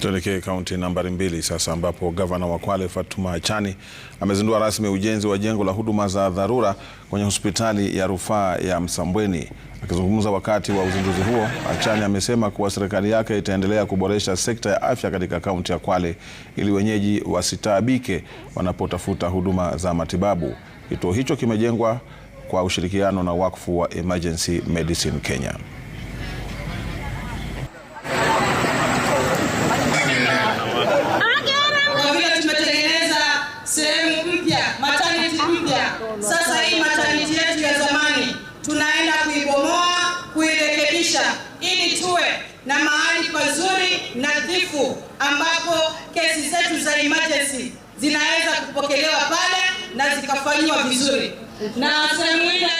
Tuelekee kaunti nambari mbili sasa ambapo gavana wa Kwale Fatuma Achani amezindua rasmi ujenzi wa jengo la huduma za dharura kwenye hospitali ya rufaa ya Msambweni. Akizungumza wakati wa uzinduzi huo, Achani amesema kuwa serikali yake itaendelea kuboresha sekta ya afya katika kaunti ya Kwale ili wenyeji wasitaabike wanapotafuta huduma za matibabu. Kituo hicho kimejengwa kwa ushirikiano na wakfu wa Emergency Medicine Kenya. na mahali pazuri nadhifu, ambapo kesi zetu za emergency zinaweza kupokelewa pale na zikafanyiwa vizuri na Samuel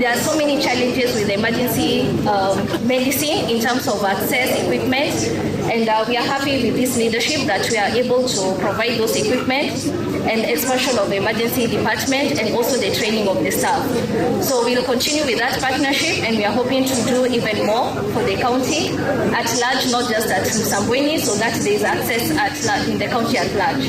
There are so many challenges with emergency um, medicine in terms of access, equipment, and uh, we are happy with this leadership that we are able to provide those equipment and expansion of emergency department and also the training of the staff. So we'll continue with that partnership and we are hoping to do even more for the county at large, not just at Msambweni, so that there is access at large, in the county at large.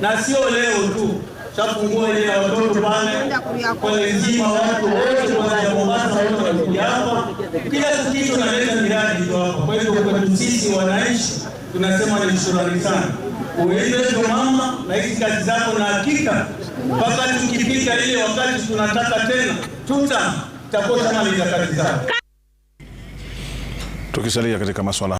na sio leo tu chafungua ile ya watoto pale kwenye nzima, watu wote kuanzia Mombasa wote walikuja hapa, kila kitu naleta miradi iko hapa. Kwa hivyo kwetu sisi wananchi tunasema ni shukrani sana, uendezo mama na hizi kazi zako, na hakika mpaka tukifika ile wakati tunataka tena tuta takosa mali za kazi zako. Tukisalia katika masuala